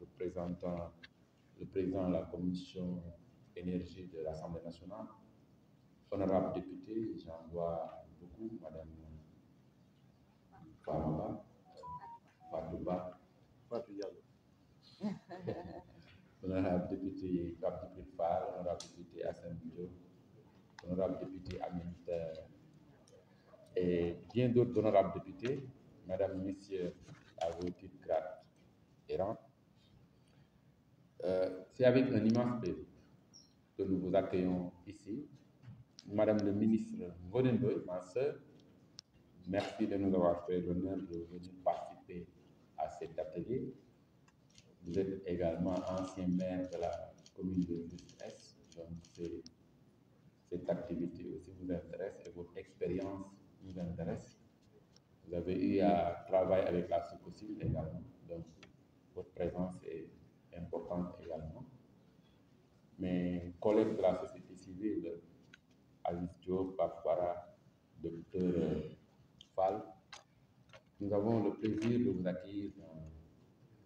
représentant le président de la commission énergie de l'Assemblée nationale, honorable député, j'en vois beaucoup, madame paramba par Fatou honorable député de honorable député Hassan honorable député Aminte et bien d'autres honorables députés, madame, messieurs, à vos titres euh, c'est avec un immense plaisir que nous vous accueillons ici. Madame le ministre Godenboy, ma soeur, merci de nous avoir fait l'honneur de venir participer à cet atelier. Vous êtes également ancien maire de la commune de juste donc cette activité aussi vous intéresse et votre expérience nous intéresse. Vous avez eu à travailler avec la SOCOSIL également, donc présence est importante également. Mes collègues de la société civile, Alice Diop, Barbara, Docteur euh, Fall, nous avons le plaisir de vous accueillir dans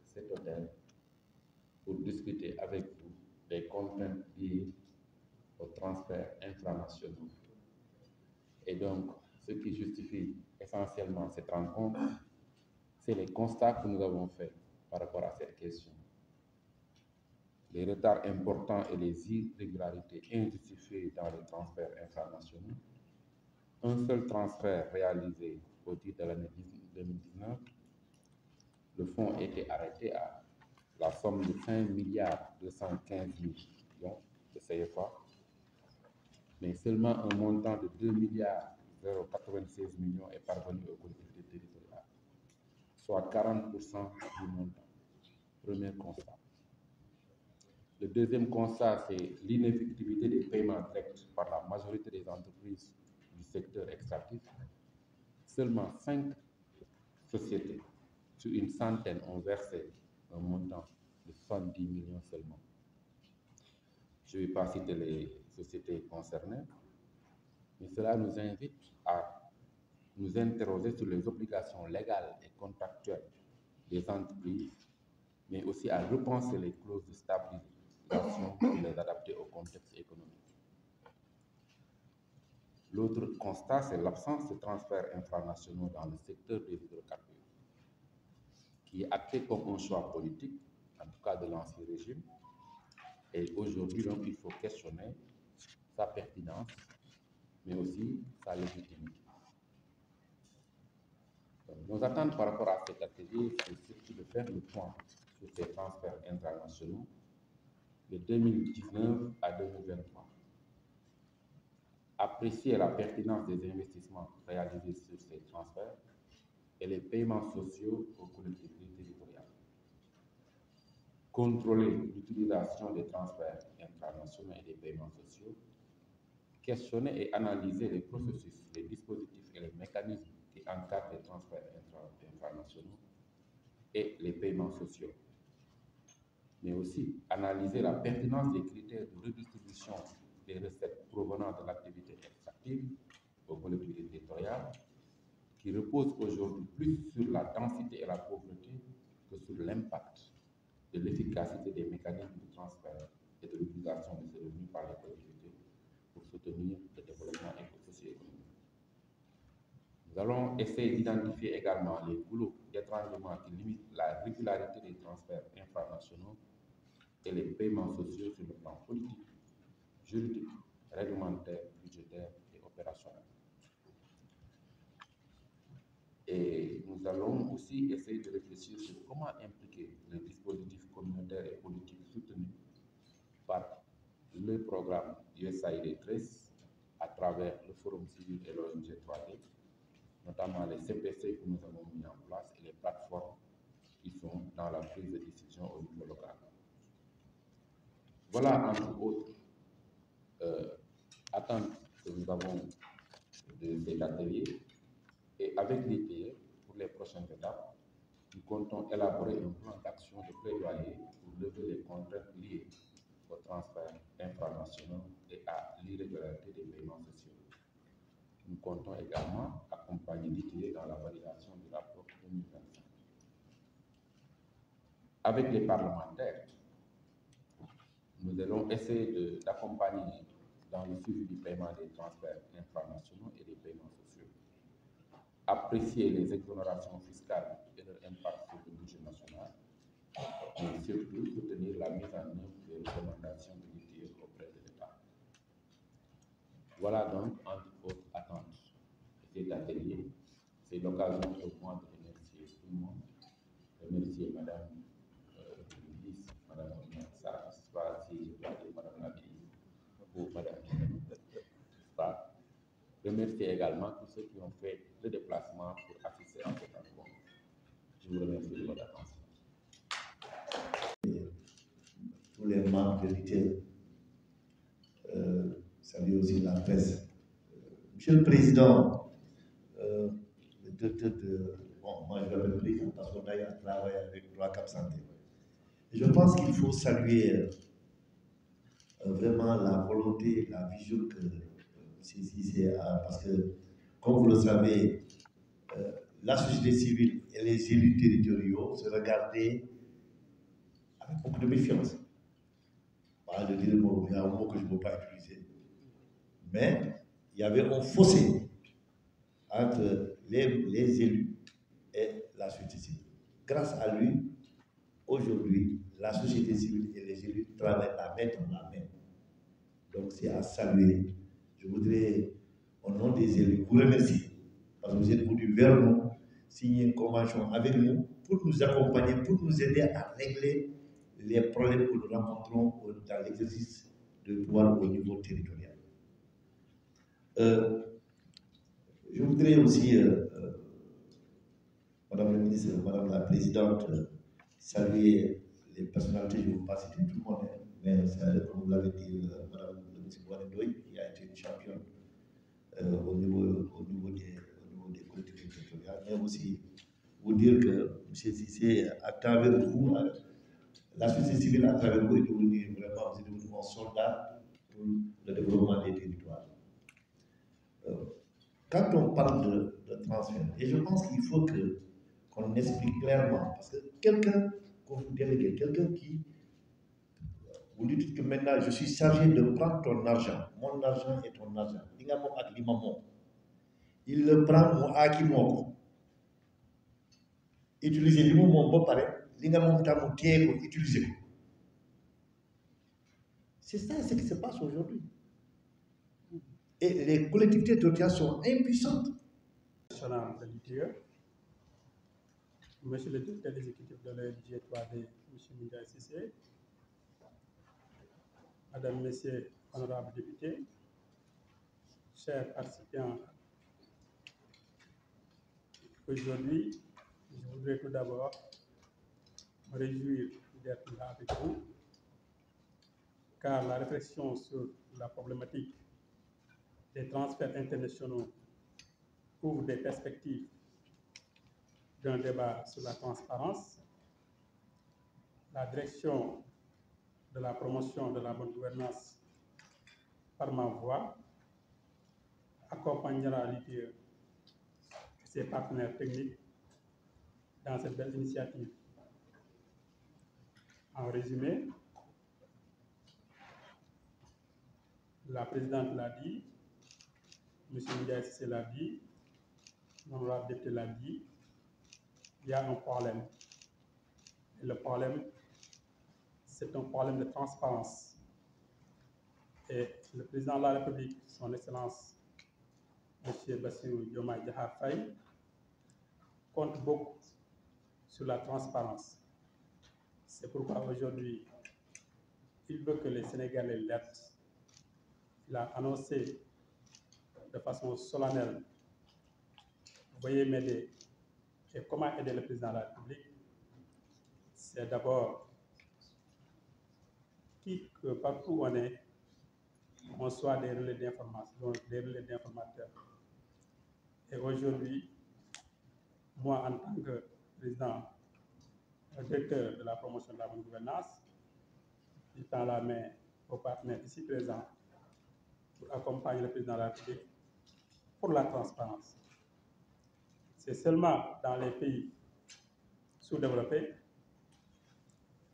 cet hôtel pour discuter avec vous des contraintes liées au transferts internationaux. Et donc, ce qui justifie essentiellement cette rencontre, c'est les constats que nous avons faits par rapport à cette question. Les retards importants et les irrégularités injustifiées dans les transferts internationaux. Un seul transfert réalisé au titre de l'année 2019. Le fonds était arrêté à la somme de 5 milliards 215 millions de CFA, mais seulement un montant de 2 milliards 096 millions est parvenu au collectivités territoriales, soit 40% du montant. Premier constat. Le deuxième constat, c'est l'ineffectivité des paiements directs par la majorité des entreprises du secteur extractif. Seulement cinq sociétés sur une centaine ont versé un montant de 70 millions seulement. Je ne vais pas citer les sociétés concernées, mais cela nous invite à nous interroger sur les obligations légales et contractuelles des entreprises mais aussi à repenser les clauses de stabilisation pour les adapter au contexte économique. L'autre constat, c'est l'absence de transferts infranationaux dans le secteur des hydrocarbures, qui est acté comme un choix politique, en tout cas de l'ancien régime. Et aujourd'hui, donc, il faut questionner sa pertinence, mais aussi sa légitimité. nos attentes par rapport à cette atelier, c'est surtout de faire le point de ces transferts internationaux de 2019 à 2023. Apprécier la pertinence des investissements réalisés sur ces transferts et les paiements sociaux aux collectivités territoriales. Contrôler l'utilisation des transferts internationaux et des paiements sociaux. Questionner et analyser les processus, les dispositifs et les mécanismes qui encadrent les transferts internationaux et les paiements sociaux mais aussi analyser la pertinence des critères de redistribution des recettes provenant de l'activité extractive au volet territoriales, qui reposent aujourd'hui plus sur la densité et la pauvreté que sur l'impact de l'efficacité des mécanismes de transfert et de l'utilisation de ces revenus par les collectivités pour soutenir le développement économique. Nous allons essayer d'identifier également les boulots d'étranglement qui limitent la régularité des transferts internationaux et les paiements sociaux sur le plan politique, juridique, réglementaire, budgétaire et opérationnel. Et nous allons aussi essayer de réfléchir sur comment impliquer les dispositifs communautaires et politiques soutenus par le programme USAID 13 à travers le Forum civil et l'ONG 3D, notamment les CPC que nous avons mis en place et les plateformes qui sont dans la prise de décision au niveau local. Voilà, un autre euh, que nous avons de, de l'atelier. Et avec les pour les prochaines étapes, nous comptons élaborer un plan d'action de plaidoyer pour lever les contraintes liées au transfert d'informations et à l'irrégularité des paiements sociaux. Nous comptons également accompagner l'ITIE dans la validation du rapport 2025. Avec les parlementaires, nous allons essayer d'accompagner dans le suivi du paiement des transferts internationaux et des paiements sociaux, apprécier les exonérations fiscales et leur impact sur le budget national, et surtout soutenir la mise en œuvre des recommandations de l'UTE auprès de l'État. Voilà donc, entre autres attentes, cet atelier. C'est l'occasion pour moi de remercier tout le monde, remercier Madame pour madame. Je Remercier également tous ceux qui ont fait le déplacement pour assister à cette rencontre. Je vous remercie de votre attention. Tous les membres de euh, salut aussi la presse. Euh, monsieur le Président, euh, le docteur de. Bon, moi je l'avais pris, parce qu'on a travaillé avec Roi Cap Santé. Je pense qu'il faut saluer euh, euh, vraiment la volonté, la vision que euh, c'est euh, parce que, comme vous le savez, la société civile et les élus territoriaux se regardaient avec beaucoup de méfiance. Pas je dire il y a un mot que je ne peux pas utiliser. Mais il y avait un fossé entre les, les élus et la société civile. Grâce à lui, aujourd'hui, la société civile et les élus travaillent à mettre en œuvre donc c'est à saluer. Je voudrais, au nom des élus, vous remercier parce que vous êtes venu vers nous, signer une convention avec nous pour nous accompagner, pour nous aider à régler les problèmes que nous rencontrons dans l'exercice de pouvoir au niveau territorial. Euh, je voudrais aussi, euh, euh, Madame la ministre, Madame la Présidente, saluer les personnalités, je ne vais pas tout le monde, hein, mais comme vous l'avez dit, Madame qui a été une championne euh, au, niveau, au, niveau des, au niveau territoriales, mais aussi vous dire que M. Sissé, à travers vous, euh, la société civile à travers vous est devenue vraiment est devenu un soldat pour le développement des territoires. Euh, quand on parle de, de, transfert, et je pense qu'il faut que qu'on explique clairement, parce que quelqu'un qu'on vous quelqu'un qui vous lui dites que maintenant je suis chargé de prendre ton argent mon argent est ton argent Il il le prend mon aaki utilisez ko utiliser li mu moom ba pare li nga c'est ça ce qui se passe aujourd'hui et les collectivités territoriales sont impuissantes salaamaaleykum monsieur le directeur exécutif de dg 3D monsieur c'est ça. Madame, Messieurs, honorables députés, chers participants, aujourd'hui, je voudrais tout d'abord me réjouir d'être là avec vous, car la réflexion sur la problématique des transferts internationaux ouvre des perspectives d'un débat sur la transparence, la direction de la promotion de la bonne gouvernance par ma voix accompagnera l'ITE et ses partenaires techniques dans cette belle initiative. En résumé, la présidente l'a dit, M. Ndiaye l'a dit, l'honorable député l'a dit, il y a un problème. le problème, c'est un problème de transparence. Et le président de la République, son Excellence, M. Bassirou Diomaye dihafaye compte beaucoup sur la transparence. C'est pourquoi aujourd'hui, il veut que les Sénégalais l'aident. Il a annoncé de façon solennelle, voyez m'aider. Et comment aider le président de la République C'est d'abord qui, que euh, partout où on est, on soit des relais d'information, donc des relais d'informateurs. Et aujourd'hui, moi, en tant que président, euh, directeur de la promotion de la bonne gouvernance, je tends la main aux partenaires ici présents pour accompagner le président de la République pour la transparence. C'est seulement dans les pays sous-développés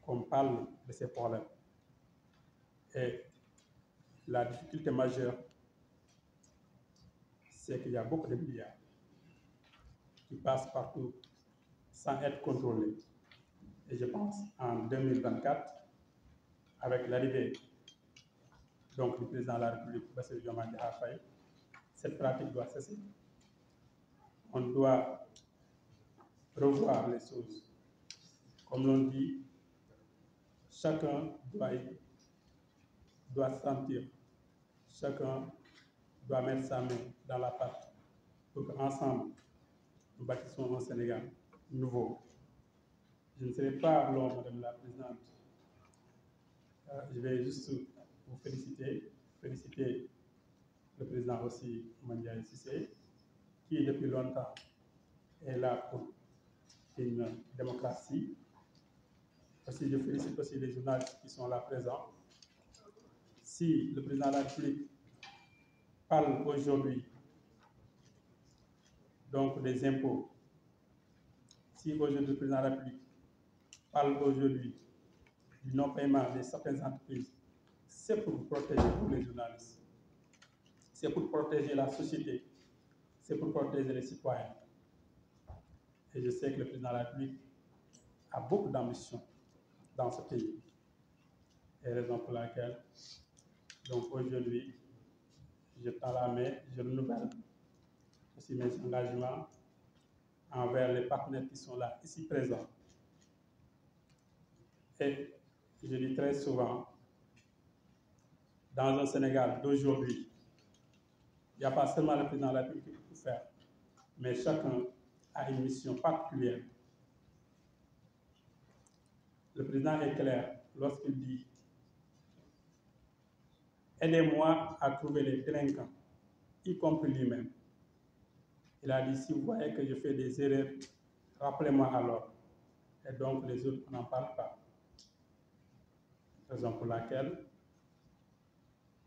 qu'on parle de ces problèmes la difficulté majeure, c'est qu'il y a beaucoup de milliards qui passent partout sans être contrôlés. Et je pense en 2024, avec l'arrivée donc du président de la République, M. cette pratique doit cesser. On doit revoir les choses. Comme l'on dit, chacun doit y doit sentir. Chacun doit mettre sa main dans la pâte pour qu'ensemble, nous bâtissons un Sénégal nouveau. Je ne serai pas long, Madame la Présidente. Euh, je vais juste vous féliciter, féliciter le Président aussi, Sissé, qui depuis longtemps est là pour une démocratie. Aussi, je félicite aussi les journalistes qui sont là présents si le président de la République parle aujourd'hui donc des impôts, si aujourd'hui le président de la République parle aujourd'hui du non-paiement de certaines entreprises, c'est pour protéger tous les journalistes, c'est pour protéger la société, c'est pour protéger les citoyens. Et je sais que le président de la République a beaucoup d'ambition dans ce pays. Et raison pour laquelle donc aujourd'hui, je parle la main, je renouvelle aussi mes engagements envers les partenaires qui sont là, ici présents. Et je dis très souvent, dans un Sénégal d'aujourd'hui, il n'y a pas seulement le président de la République qui peut faire, mais chacun a une mission particulière. Le président est clair lorsqu'il dit Aidez-moi à trouver les trinquants, y compris lui-même. Il a dit, si vous voyez que je fais des erreurs, rappelez-moi alors. Et donc les autres n'en parlent pas. Raison pour laquelle,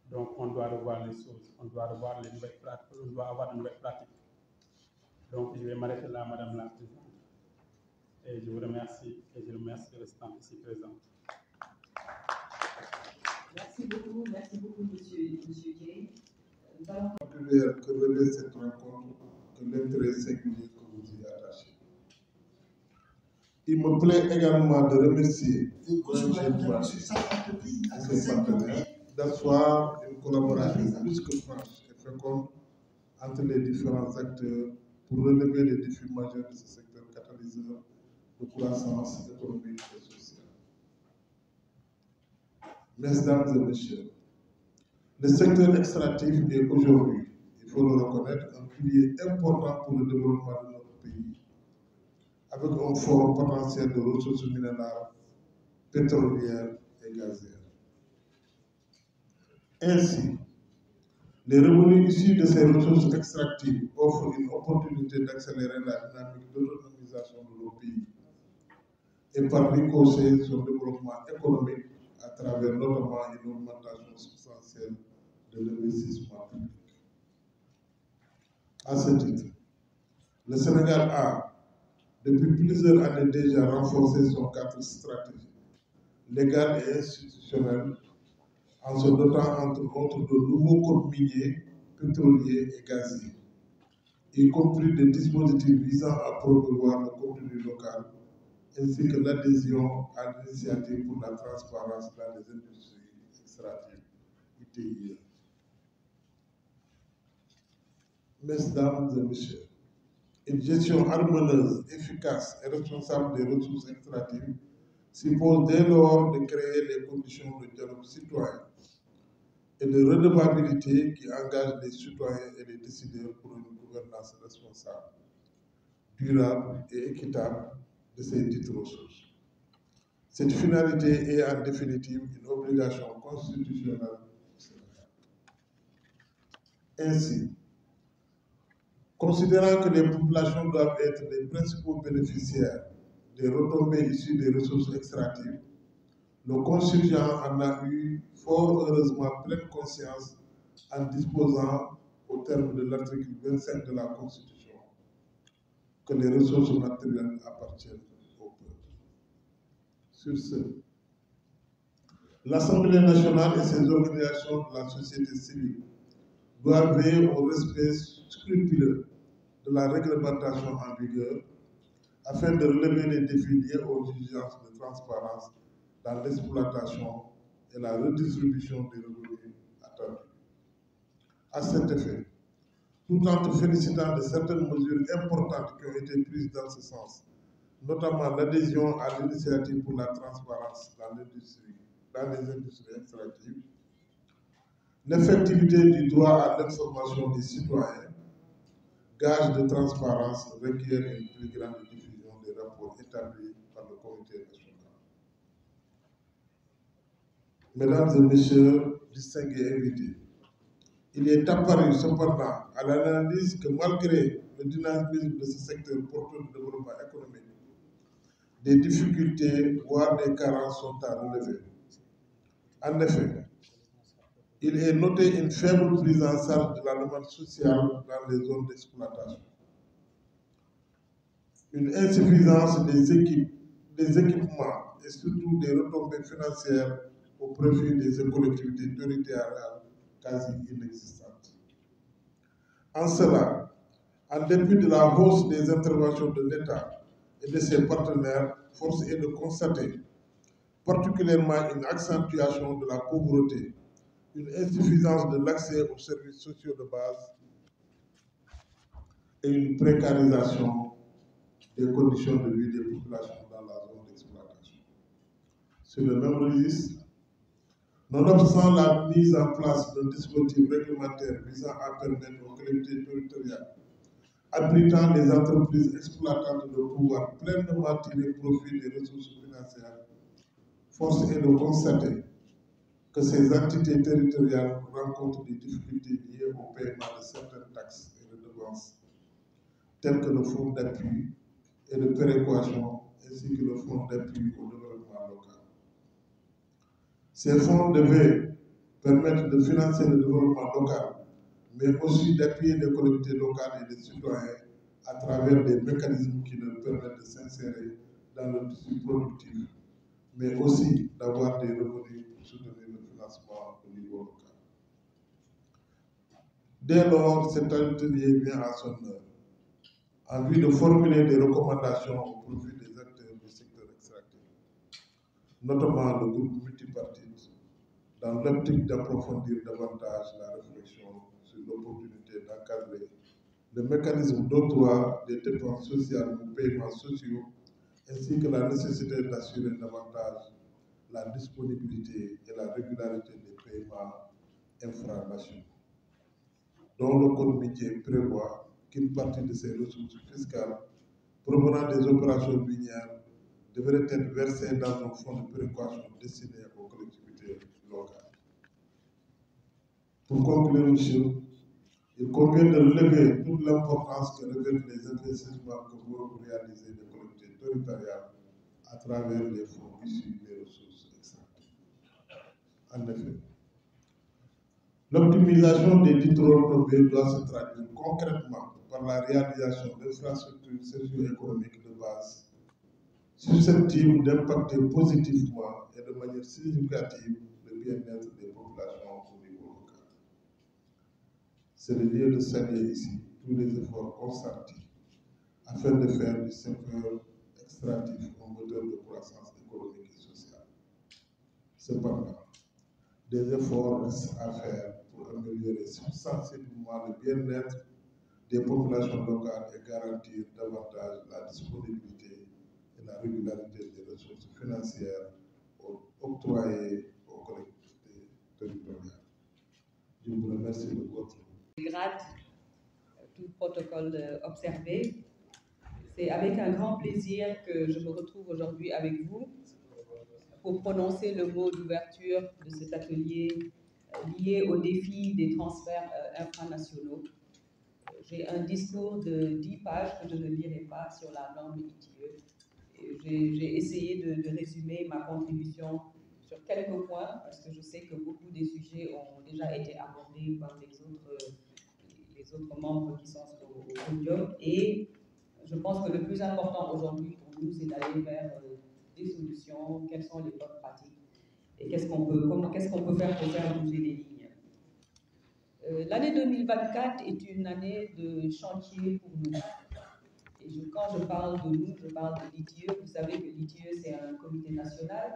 donc on doit revoir les choses, on doit revoir les nouvelles pratiques, avoir de nouvelles pratiques. Donc je vais m'arrêter là, Madame la Présidente. Et je vous remercie et je remercie les restants ici présents. Merci beaucoup, merci beaucoup, monsieur, monsieur Gay. Que euh, relève cette rencontre, que l'intérêt singulier que vous y attachez. Il me plaît également de remercier ses partenaires d'asseoir une collaboration plus que franche et fréquente entre les différents acteurs pour relever les défis majeurs de ce secteur catalyseur de croissance économique et sociale mesdames et messieurs, le secteur extractif est aujourd'hui, il faut le reconnaître, un pilier important pour le développement de notre pays, avec un fort potentiel de ressources minérales, pétrolières et gazières. Ainsi, les revenus issus de ces ressources extractives offrent une opportunité d'accélérer la dynamique l'organisation de nos pays et par les son développement économique travers notamment une augmentation substantielle de l'investissement public. À ce titre, le Sénégal a, depuis plusieurs années déjà, renforcé son cadre stratégique, légal et institutionnel, en se dotant entre autres de nouveaux codes pétroliers et gaziers, y compris des dispositifs visant à promouvoir le contenu local ainsi que l'adhésion à l'initiative pour la transparence dans les industries extractives, ITIE. Mesdames et messieurs, une gestion harmonieuse, efficace et responsable des ressources extractives suppose dès lors de créer les conditions de dialogue citoyen et de redevabilité qui engagent les citoyens et les décideurs pour une gouvernance responsable, durable et équitable ces titres ressources. Cette finalité est en définitive une obligation constitutionnelle. Ainsi, considérant que les populations doivent être les principaux bénéficiaires des retombées issues des ressources extractives, le constituant en a eu fort heureusement pleine conscience en disposant, au terme de l'article 25 de la Constitution, que les ressources naturelles appartiennent sur ce. L'Assemblée nationale et ses organisations de la société civile doivent veiller au respect scrupuleux de la réglementation en vigueur afin de relever les défis liés aux exigences de transparence dans l'exploitation et la redistribution des revenus attendus. À cet effet, tout en te félicitant de certaines mesures importantes qui ont été prises dans ce sens, notamment l'adhésion à l'initiative pour la transparence dans l'industrie, dans les industries extractives, l'effectivité du droit à l'information des citoyens, gage de transparence requiert une plus grande diffusion des rapports établis par le comité national. Mesdames et messieurs, distingués invités, il est apparu cependant à l'analyse que malgré le dynamisme de ce secteur porteur de développement économique, des difficultés, voire des carences sont à relever. En effet, il est noté une faible prise en charge de la demande sociale dans les zones d'exploitation. Une insuffisance des, équipements et surtout des retombées financières au profit des collectivités territoriales quasi inexistantes. En cela, en dépit de la hausse des interventions de l'État et de ses partenaires, force est de constater particulièrement une accentuation de la pauvreté, une insuffisance de l'accès aux services sociaux de base et une précarisation des conditions de vie des populations dans la zone d'exploitation. Sur le même registre, nonobstant la mise en place d'un dispositif réglementaire visant à permettre aux collectivités territoriales appritant les entreprises exploitantes de pouvoir pleinement tirer profit des ressources financières, force est de constater que ces entités territoriales rencontrent des difficultés liées au paiement de certaines taxes et de redevances, telles que le fonds d'appui et de péréquation, ainsi que le fonds d'appui au développement local. Ces fonds devaient permettre de financer le développement local mais aussi d'appuyer les collectivités locales et les citoyens à travers des mécanismes qui leur permettent de s'insérer dans le tissu productif, mais aussi d'avoir des revenus pour soutenir le financement au niveau local. Dès lors, cet atelier vient à son heure en vue de formuler des recommandations au profit des acteurs du secteur extractif, notamment le groupe multipartite, dans l'optique d'approfondir davantage la réflexion l'opportunité d'encadrer le mécanisme d'octroi des dépenses sociales ou paiements sociaux, ainsi que la nécessité d'assurer davantage la disponibilité et la régularité des paiements infranationaux, dont le Comité prévoit qu'une partie de ces ressources fiscales provenant des opérations minières devrait être versée dans un fonds de précaution destiné aux collectivités locales. Pour conclure, monsieur, il convient de lever toute l'importance que revêtent les investissements que vous réaliser les collectivités territoriales à travers les fonds issus des ressources En effet, l'optimisation des titres renouvelés doit se traduire concrètement par la réalisation d'infrastructures socio-économiques de base susceptibles d'impacter positivement et de manière significative le bien-être des c'est le lieu de saluer ici tous les efforts consentis afin de faire du secteur extractif un moteur de croissance économique et sociale. Cependant, des efforts restent à faire pour améliorer sensiblement le bien-être des populations locales et garantir davantage la disponibilité et la régularité des ressources financières octroyées aux collectivités territoriales. Je vous remercie de votre grade, tout protocole euh, observé. C'est avec un grand plaisir que je me retrouve aujourd'hui avec vous pour prononcer le mot d'ouverture de cet atelier euh, lié au défi des transferts euh, infranationaux. J'ai un discours de 10 pages que je ne lirai pas sur la langue ITE. J'ai essayé de, de résumer ma contribution sur quelques points parce que je sais que beaucoup des sujets ont déjà été abordés par les autres autres membres qui sont au le Et je pense que le plus important aujourd'hui pour nous, c'est d'aller vers euh, des solutions, quelles sont les bonnes pratiques et qu'est-ce qu'on peut, qu'on peut faire pour faire bouger les lignes. Euh, l'année 2024 est une année de chantier pour nous. Et quand je parle de nous, je parle de l'ITIE. Vous savez que l'ITIE, c'est un comité national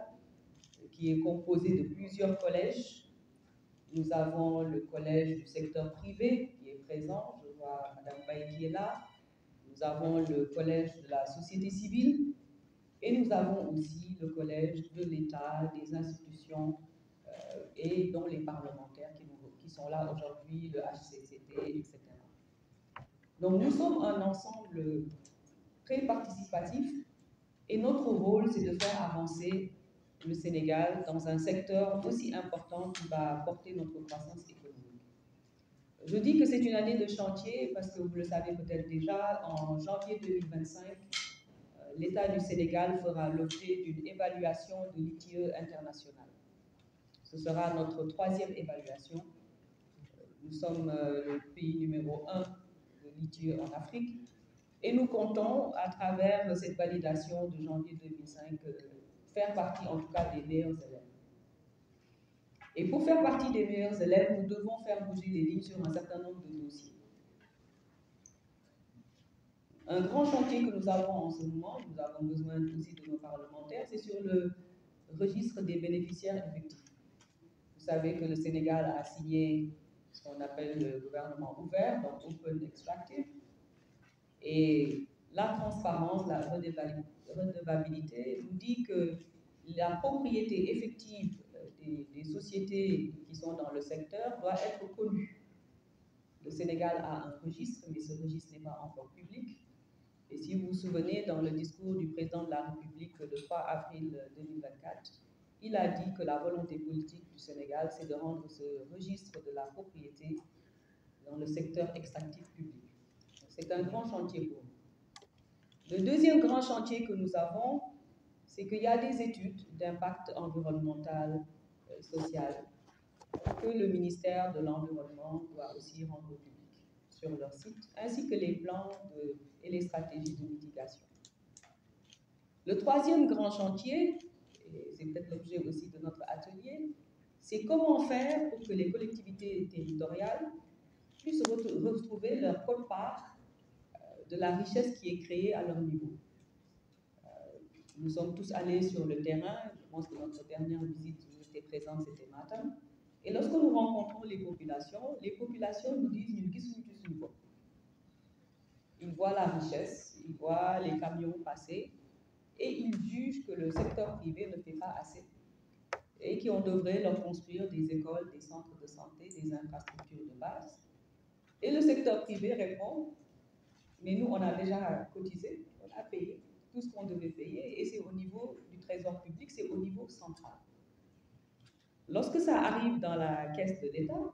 euh, qui est composé de plusieurs collèges. Nous avons le collège du secteur privé, présent, Je vois Madame Baye qui est là. Nous avons le collège de la société civile et nous avons aussi le collège de l'État, des institutions euh, et dont les parlementaires qui, qui sont là aujourd'hui, le HCCT, etc. Donc nous sommes un ensemble très participatif et notre rôle, c'est de faire avancer le Sénégal dans un secteur aussi important qui va porter notre croissance économique. Je dis que c'est une année de chantier parce que vous le savez peut-être déjà, en janvier 2025, euh, l'État du Sénégal fera l'objet d'une évaluation de l'ITE internationale. Ce sera notre troisième évaluation. Euh, nous sommes euh, le pays numéro un de l'ITE en Afrique et nous comptons, à travers cette validation de janvier 2005, faire partie en tout cas des meilleurs élèves. Et pour faire partie des meilleurs élèves, nous devons faire bouger les lignes sur un certain nombre de dossiers. Un grand chantier que nous avons en ce moment, nous avons besoin aussi de nos parlementaires, c'est sur le registre des bénéficiaires effectifs. Vous savez que le Sénégal a signé ce qu'on appelle le gouvernement ouvert, donc Open Extractive. Et la transparence, la redevabilité nous dit que la propriété effective des, sociétés qui sont dans le secteur doit être connu. Le Sénégal a un registre, mais ce registre n'est pas encore public. Et si vous vous souvenez, dans le discours du président de la République le 3 avril 2024, il a dit que la volonté politique du Sénégal, c'est de rendre ce registre de la propriété dans le secteur extractif public. C'est un grand chantier pour nous. Le deuxième grand chantier que nous avons, c'est qu'il y a des études d'impact environnemental sociales, que le ministère de l'Environnement doit aussi rendre public sur leur site, ainsi que les plans et les stratégies de mitigation. Le troisième grand chantier, et c'est peut-être l'objet aussi de notre atelier, c'est comment faire pour que les collectivités territoriales puissent retrouver leur part euh, de la richesse qui est créée à leur niveau. Euh, nous sommes tous allés sur le terrain, je pense que notre dernière visite étaient cet matin. matin. Et lorsque nous rencontrons les populations, les populations nous disent Ils voient la richesse, ils voient les camions passer et ils jugent que le secteur privé ne fait pas assez et qu'on devrait leur construire des écoles, des centres de santé, des infrastructures de base. Et le secteur privé répond Mais nous, on a déjà cotisé, on a payé tout ce qu'on devait payer et c'est au niveau du trésor public, c'est au niveau central. Lorsque ça arrive dans la caisse de l'État,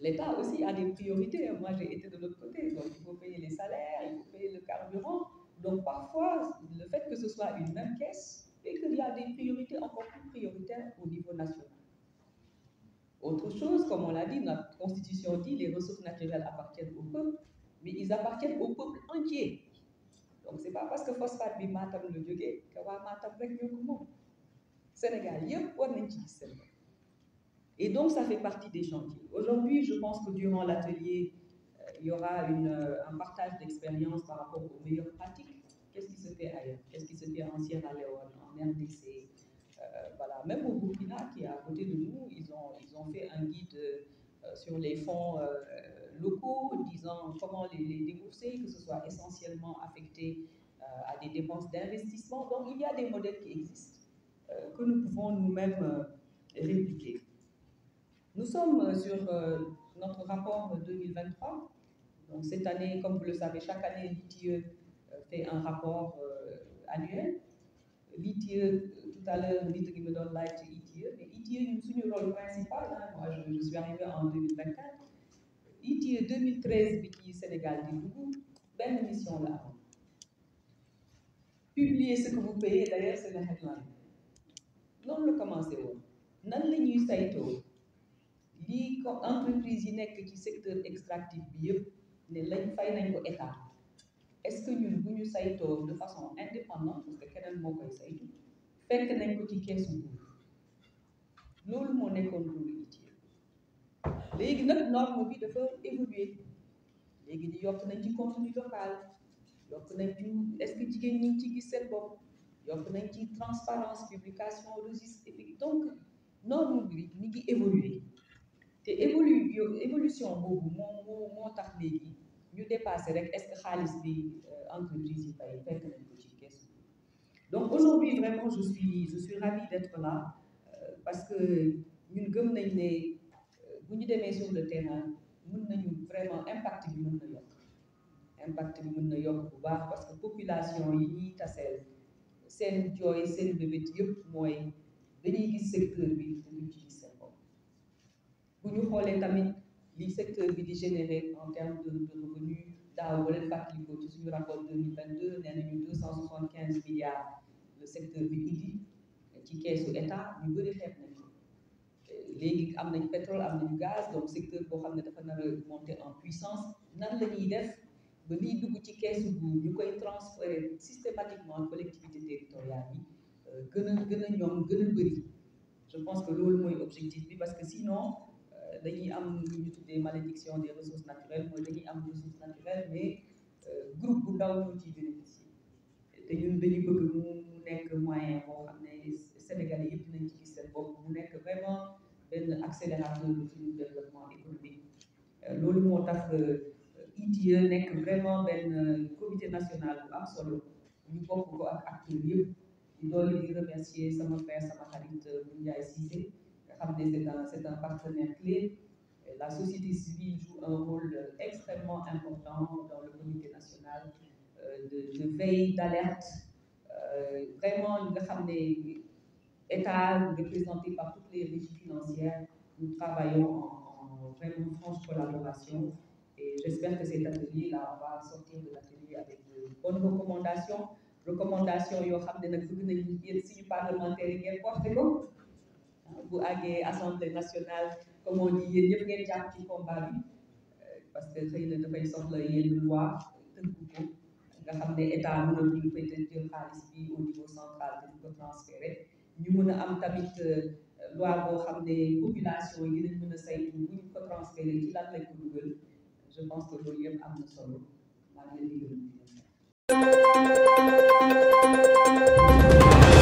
l'État aussi a des priorités. Moi, j'ai été de l'autre côté, donc il faut payer les salaires, il faut payer le carburant. Donc parfois, le fait que ce soit une même caisse et qu'il y a des priorités encore plus prioritaires au niveau national. Autre chose, comme on l'a dit, notre constitution dit les ressources naturelles appartiennent au peuple, mais ils appartiennent au peuple entier. Donc c'est pas parce que phosphate matam le que matam avec Sénégal ou et donc ça fait partie des chantiers aujourd'hui je pense que durant l'atelier euh, il y aura euh, un partage d'expérience par rapport aux meilleures pratiques qu'est-ce qui se fait ailleurs qu'est-ce qui se fait en Sierra Leone en RDC euh, voilà même au Burkina qui est à côté de nous ils ont ils ont fait un guide sur les fonds locaux disant comment les, les débourser que ce soit essentiellement affecté à des dépenses d'investissement donc il y a des modèles qui existent que nous pouvons nous-mêmes euh, répliquer. Nous sommes euh, sur euh, notre rapport 2023. Donc, cette année, comme vous le savez, chaque année, l'ITIE fait un rapport annuel. L'ITIE, tout à l'heure, vous me donne light ITIE, mais ITIE, c'est le rôle principal. Hein. Moi, je, suis arrivée en 2024. ITIE 2013, l'ITIE Sénégal coup, belle mission là. Publiez ce que vous payez, d'ailleurs, c'est le headline loolu la commencé woon nan la ñuy saytoo lii ko entreprise yi nekk ci secteur extractif bi yëpp ne lañ fay nañ ko état est-ce que ñun bu ñu saytoo de façon indépendante parce que keneen moo koy saytu fekk nañ ko ci keesu nguur loolu moo nekkoon loolu utile léegi nag norme bi dafa évoluer léegi ñu yokk nañ ci contenu local yokk nañ ci est-ce que jigéen ñi ci gis seen bopp yokk nañ ci transparence publication registre donc norme bi ni ngi évoluer te évolue évolution boobu moo moo moo tax léegi ñu dépasser rek est-ce que xaalis bi euh, entreprise yi fay fekk nañ ko ci keesu donc aujourd'hui vraiment je suis je suis ravie d'être là euh, parce que ñun gëm nañ ne euh, bu ñu demee sur le terrain mën nañu vraiment impact bi mën na yokk impact bi mën na yokk bu baax parce que population yi ñuy taseel seen joy seen bébét yëpp mooy dañuy gis secteur bi dañuy ci gis seen bopp bu ñu xoolee tamit li secteur bi di générer en terme de de revenu daaw wala fàttalikoo ci suñu rapport 2022 mille vingt nee nañu deux milliards le secteur bi indi ci keesu état ñu bëri xeeb nañu léegi am nañu pétrole am nañu gaz donc secteur boo xam ne dafa nar a monter en puissance nan la ñuy def ba liy dugg ci caisse nguur ñu koy transféré systématiquement collectivité territoriale yi euh, gën a gën a ñoom gën a bëri je pense que loolu mooy objectif bi parce que sinon euh, dañuy am lu ñu tuddee malédiction des ressources naturelles mooy dañuy am ressources naturelles mais euh, groupe bu ndaw ñoo ciy bénéficier te ñun dañuy bëgg mu nekk moyen boo xam ne Sénégalais yëpp nañ ci gis seen bopp mu nekk vraiment benn accélérateur du suñu développement économique loolu moo tax. ITIE que vraiment un comité national bu am solo ñu bokk ko ak je dois remercier sama frère sama xarit euh, bu c'est un partenaire clé la société civile joue un rôle extrêmement important dans le comité national euh, de veille d'alerte euh, vraiment nga xam ne État représenté par toutes les régies financières nous travaillons en en vraiment franche collaboration et j'espère que cet atelier-là, on va sortir de l'atelier avec de bonnes recommandations. Recommandations, yo xam nak nag bëgg nañu yeen suñu parlementaire yi ngeen porté ko ah, bu agé assemblée nationale comme on dit yeen ñep ngeen japp ci combat bi euh, parce que xëy da fay soxla yeen loi tënk ko nga xam état mëna na ñu koy jël xaalis bi au niveau central dañ ko transféré ñu mëna a am tamit euh, loi boo xam ne population yi dinañ mën a saytu bu ñu ko transféré ci lan lañ ko dugal je pense que loolu yëpp na solo